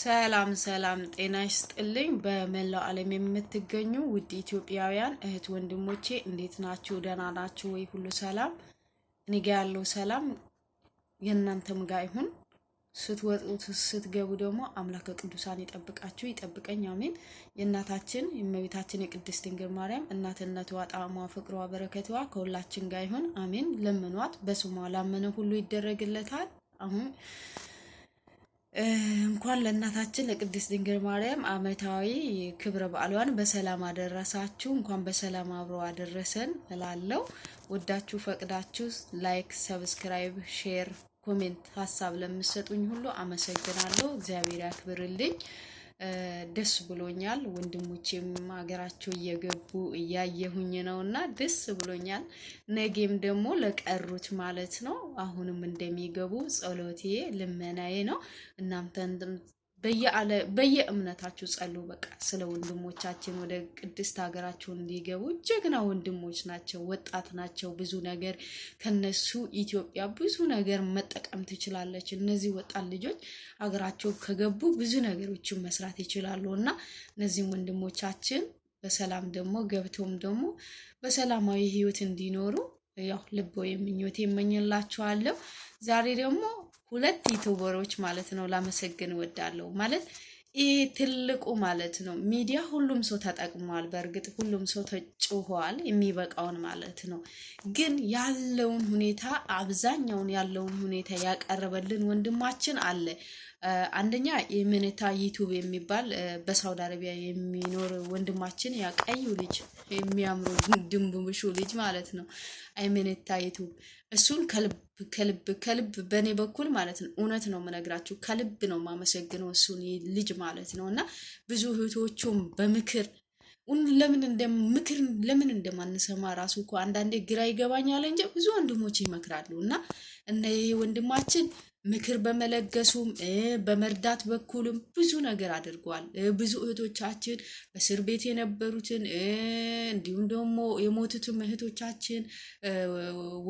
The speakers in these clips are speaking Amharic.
ሰላም ሰላም፣ ጤና ይስጥልኝ። በመላው ዓለም የምትገኙ ውድ ኢትዮጵያውያን እህት ወንድሞቼ እንዴት ናችሁ? ደህና ናችሁ ወይ? ሁሉ ሰላም? እኔ ጋ ያለው ሰላም የእናንተም ጋ ይሁን። ስትወጡት ስትገቡ ደግሞ አምላከ ቅዱሳን ይጠብቃችሁ፣ ይጠብቀኝ። አሜን። የእናታችን የእመቤታችን የቅድስት ድንግል ማርያም እናትነቷ፣ ጣዕሟ፣ ፍቅሯ፣ በረከትዋ ከሁላችን ጋ ይሁን። አሜን። ለምኗት፣ በስሟ ላመነ ሁሉ ይደረግለታል። አሁን እንኳን ለእናታችን ለቅድስት ድንግል ማርያም ዓመታዊ ክብረ በዓሏን በሰላም አደረሳችሁ። እንኳን በሰላም አብሮ አደረሰን እላለሁ። ወዳችሁ ፈቅዳችሁ ላይክ፣ ሰብስክራይብ፣ ሼር፣ ኮሜንት ሀሳብ ለምሰጡኝ ሁሉ አመሰግናለሁ። እግዚአብሔር ያክብርልኝ። ደስ ብሎኛል። ወንድሞቼም ሀገራቸው እየገቡ እያየሁኝ ነው እና ደስ ብሎኛል። ነገም ደግሞ ለቀሩት ማለት ነው አሁንም እንደሚገቡ ጸሎቴ ልመናዬ ነው እናንተን በየእምነታችሁ ጸሉ። በቃ ስለ ወንድሞቻችን ወደ ቅድስት ሀገራቸው እንዲገቡ ጀግና ወንድሞች ናቸው፣ ወጣት ናቸው። ብዙ ነገር ከነሱ ኢትዮጵያ ብዙ ነገር መጠቀም ትችላለች። እነዚህ ወጣት ልጆች ሀገራቸው ከገቡ ብዙ ነገሮችን መስራት ይችላሉ እና እነዚህም ወንድሞቻችን በሰላም ደግሞ ገብቶም ደግሞ በሰላማዊ ህይወት እንዲኖሩ ያው ልቦ የምኞት የመኝላችኋለሁ። ዛሬ ደግሞ ሁለት ዩቱበሮች ማለት ነው ላመሰግን እወዳለሁ። ማለት ይህ ትልቁ ማለት ነው ሚዲያ ሁሉም ሰው ተጠቅሟል። በእርግጥ ሁሉም ሰው ተጭሆዋል የሚበቃውን ማለት ነው። ግን ያለውን ሁኔታ አብዛኛውን ያለውን ሁኔታ ያቀረበልን ወንድማችን አለ አንደኛ የመኔታ ዩቱብ የሚባል በሳውዲ አረቢያ የሚኖር ወንድማችን ያ ቀዩ ልጅ የሚያምሩ ድንብምሹ ልጅ ማለት ነው። አይመኔታ ዩቱብ እሱን ከልብ ከልብ በእኔ በኩል ማለት ነው፣ እውነት ነው የምነግራችሁ፣ ከልብ ነው የማመሰግነው እሱን ልጅ ማለት ነው። እና ብዙ እህቶቹም በምክር ለምን ምክር ለምን እንደማንሰማ ራሱ እኮ አንዳንዴ ግራ ይገባኛል እንጂ ብዙ ወንድሞች ይመክራሉ እና እነ ይህ ወንድማችን ምክር በመለገሱም በመርዳት በኩልም ብዙ ነገር አድርጓል። ብዙ እህቶቻችን እስር ቤት የነበሩትን እንዲሁም ደግሞ የሞቱትም እህቶቻችን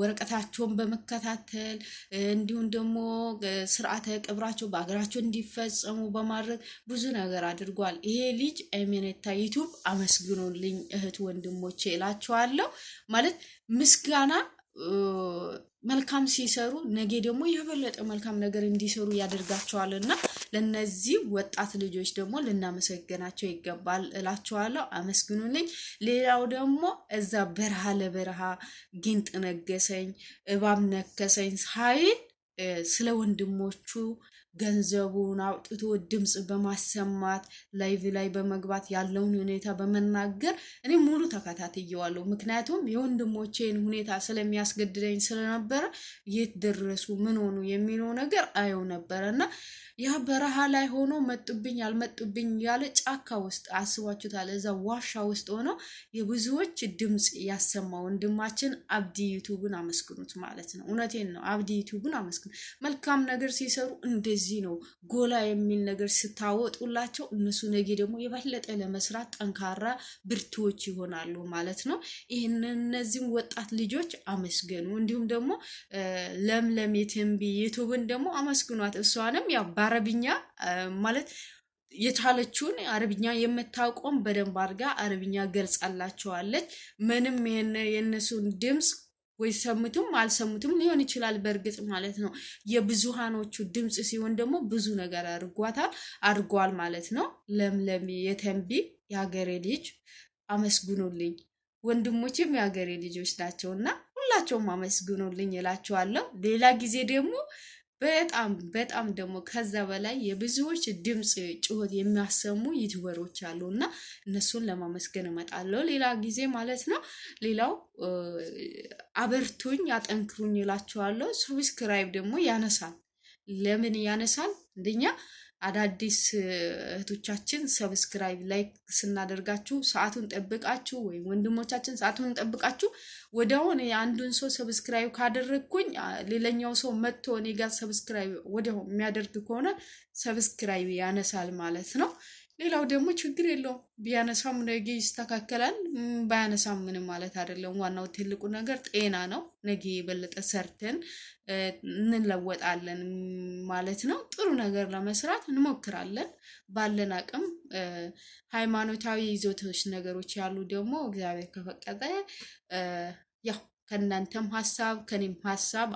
ወረቀታቸውን በመከታተል እንዲሁም ደግሞ ስርዓተ ቅብራቸው በሀገራቸው እንዲፈጸሙ በማድረግ ብዙ ነገር አድርጓል። ይሄ ልጅ ኤሜኔታ ዩቱብ አመስግኖልኝ እህት ወንድሞቼ እላቸዋለሁ። ማለት ምስጋና መልካም ሲሰሩ ነገ ደግሞ የበለጠ መልካም ነገር እንዲሰሩ ያደርጋቸዋል እና ለነዚህ ወጣት ልጆች ደግሞ ልናመሰገናቸው ይገባል እላቸዋለሁ። አመስግኑልኝ። ሌላው ደግሞ እዛ በረሃ ለበረሃ ጊንጥ ነገሰኝ እባብ ነከሰኝ ሳይል ስለ ወንድሞቹ ገንዘቡን አውጥቶ ድምፅ በማሰማት ላይቭ ላይ በመግባት ያለውን ሁኔታ በመናገር እኔ ሙሉ ተከታትየዋለሁ። ምክንያቱም የወንድሞቼን ሁኔታ ስለሚያስገድደኝ ስለነበረ የት ደረሱ ምን ሆኑ የሚለው ነገር አየው ነበረ እና ያ በረሃ ላይ ሆኖ መጡብኝ አልመጡብኝ ያለ ጫካ ውስጥ አስቧችሁታል። እዛ ዋሻ ውስጥ ሆኖ የብዙዎች ድምፅ ያሰማ ወንድማችን አብዲ ዩቱብን አመስግኑት ማለት ነው። እውነቴን ነው። አብዲ ዩቱብን አመስግኑ። መልካም ነገር ሲሰሩ እንደዚህ ነው። ጎላ የሚል ነገር ስታወጡላቸው እነሱ ነገ ደግሞ የበለጠ ለመስራት ጠንካራ ብርቱዎች ይሆናሉ ማለት ነው። ይህን እነዚህም ወጣት ልጆች አመስገኑ። እንዲሁም ደግሞ ለምለም የትንቢ ዩቱብን ደግሞ አመስግኗት እሷንም ያባ አረብኛ ማለት የቻለችውን አረብኛ የምታውቀውን በደንብ አድርጋ አረብኛ ገልጻላቸዋለች። ምንም የእነሱን ድምፅ ወይ ሰሙትም አልሰሙትም ሊሆን ይችላል፣ በእርግጥ ማለት ነው። የብዙሃኖቹ ድምፅ ሲሆን ደግሞ ብዙ ነገር አድርጓታል አድርጓል ማለት ነው። ለምለም የተንቢ የሀገሬ ልጅ አመስግኑልኝ። ወንድሞችም የሀገሬ ልጆች ናቸው እና ሁላቸውም አመስግኑልኝ እላቸዋለሁ። ሌላ ጊዜ ደግሞ በጣም በጣም ደግሞ ከዛ በላይ የብዙዎች ድምፅ ጩኸት የሚያሰሙ ዩቲዩበሮች አሉ እና እነሱን ለማመስገን እመጣለሁ ሌላ ጊዜ ማለት ነው። ሌላው አበርቱኝ፣ አጠንክሩኝ ይላቸዋለሁ ሰብስክራይብ ደግሞ ያነሳል። ለምን ያነሳል? አንደኛ አዳዲስ እህቶቻችን ሰብስክራይብ ላይክ ስናደርጋችሁ ሰዓቱን ጠብቃችሁ ወይም ወንድሞቻችን ሰዓቱን ጠብቃችሁ ወዲያውን የአንዱን ሰው ሰብስክራይብ ካደረግኩኝ ሌላኛው ሰው መጥቶ እኔ ጋር ሰብስክራይብ ወዲያው የሚያደርግ ከሆነ ሰብስክራይብ ያነሳል ማለት ነው። ሌላው ደግሞ ችግር የለውም ቢያነሳም ነገ ይስተካከላል። ባያነሳም ምንም ማለት አይደለም። ዋናው ትልቁ ነገር ጤና ነው። ነገ የበለጠ ሰርተን እንለወጣለን ማለት ነው። ጥሩ ነገር ለመስራት እንሞክራለን ባለን አቅም። ሃይማኖታዊ ይዞታዎች ነገሮች ያሉ ደግሞ እግዚአብሔር ከፈቀደ ያው ከእናንተም ሀሳብ ከኔም ሀሳብ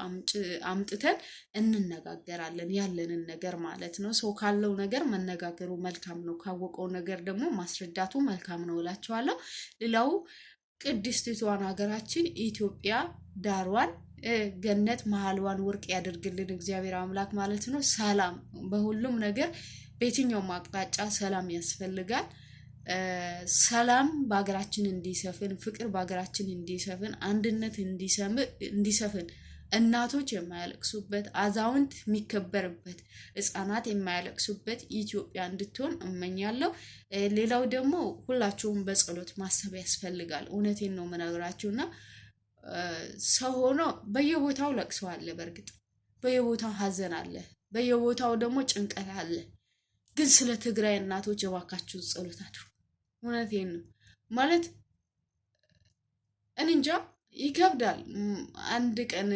አምጥተን እንነጋገራለን። ያለንን ነገር ማለት ነው። ሰው ካለው ነገር መነጋገሩ መልካም ነው። ካወቀው ነገር ደግሞ ማስረዳቱ መልካም ነው እላቸዋለሁ። ሌላው ቅድስቲቷን ሀገራችን ኢትዮጵያ ዳሯን ገነት መሀልዋን ወርቅ ያደርግልን እግዚአብሔር አምላክ ማለት ነው። ሰላም በሁሉም ነገር በየትኛውም አቅጣጫ ሰላም ያስፈልጋል። ሰላም በሀገራችን እንዲሰፍን፣ ፍቅር በሀገራችን እንዲሰፍን፣ አንድነት እንዲሰፍን እናቶች የማያለቅሱበት፣ አዛውንት የሚከበርበት፣ ህጻናት የማያለቅሱበት ኢትዮጵያ እንድትሆን እመኛለሁ። ሌላው ደግሞ ሁላችሁም በጸሎት ማሰብ ያስፈልጋል። እውነቴን ነው የምነግራችሁ እና ሰው ሆኖ በየቦታው ለቅሶ አለ። በእርግጥ በየቦታው ሀዘን አለ። በየቦታው ደግሞ ጭንቀት አለ። ግን ስለ ትግራይ እናቶች የባካችሁ ጸሎት አድርጉ። እውነቴን ነው ማለት እንንጃ ይከብዳል። አንድ ቀን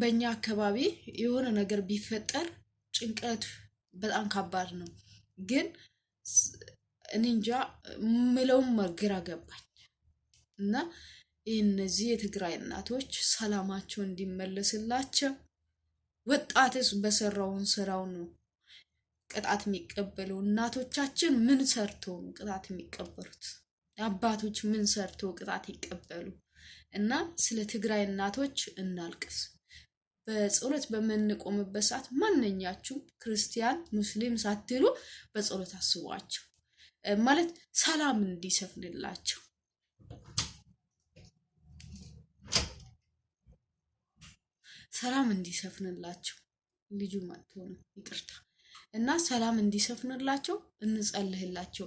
በእኛ አካባቢ የሆነ ነገር ቢፈጠር ጭንቀት በጣም ከባድ ነው። ግን እንንጃ ምለውም መግራ ገባኝ እና እነዚህ የትግራይ እናቶች ሰላማቸው እንዲመለስላቸው ወጣትስ በሰራውን ስራው ነው ቅጣት የሚቀበሉ እናቶቻችን ምን ሰርቶ ቅጣት የሚቀበሉት? አባቶች ምን ሰርቶ ቅጣት ይቀበሉ? እና ስለ ትግራይ እናቶች እናልቅስ። በጸሎት በምንቆምበት ሰዓት ማንኛችሁም ክርስቲያን፣ ሙስሊም ሳትሉ በጸሎት አስቧቸው ማለት ሰላም እንዲሰፍንላቸው ሰላም እንዲሰፍንላቸው ልጁ ማትሆነ ነው። ይቅርታ እና ሰላም እንዲሰፍንላቸው እንጸልህላቸው።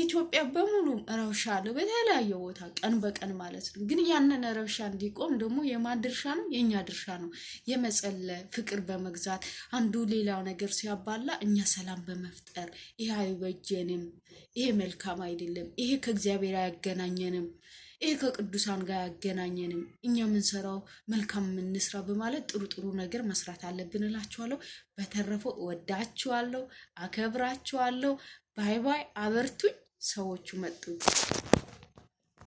ኢትዮጵያ በሙሉ ረብሻ አለ፣ በተለያየ ቦታ ቀን በቀን ማለት ነው። ግን ያንን ረብሻ እንዲቆም ደግሞ የማን ድርሻ ነው? የእኛ ድርሻ ነው። የመጸለ ፍቅር በመግዛት አንዱ ሌላው ነገር ሲያባላ እኛ ሰላም በመፍጠር ይሄ አይበጀንም፣ ይሄ መልካም አይደለም፣ ይሄ ከእግዚአብሔር አያገናኘንም ይህ ከቅዱሳን ጋር ያገናኘንም እኛ የምንሰራው መልካም የምንስራ በማለት ጥሩ ጥሩ ነገር መስራት አለብን እላችኋለሁ። በተረፈው ወዳችኋለሁ፣ አከብራችኋለሁ። ባይ ባይ። አበርቱኝ። ሰዎቹ መጡ።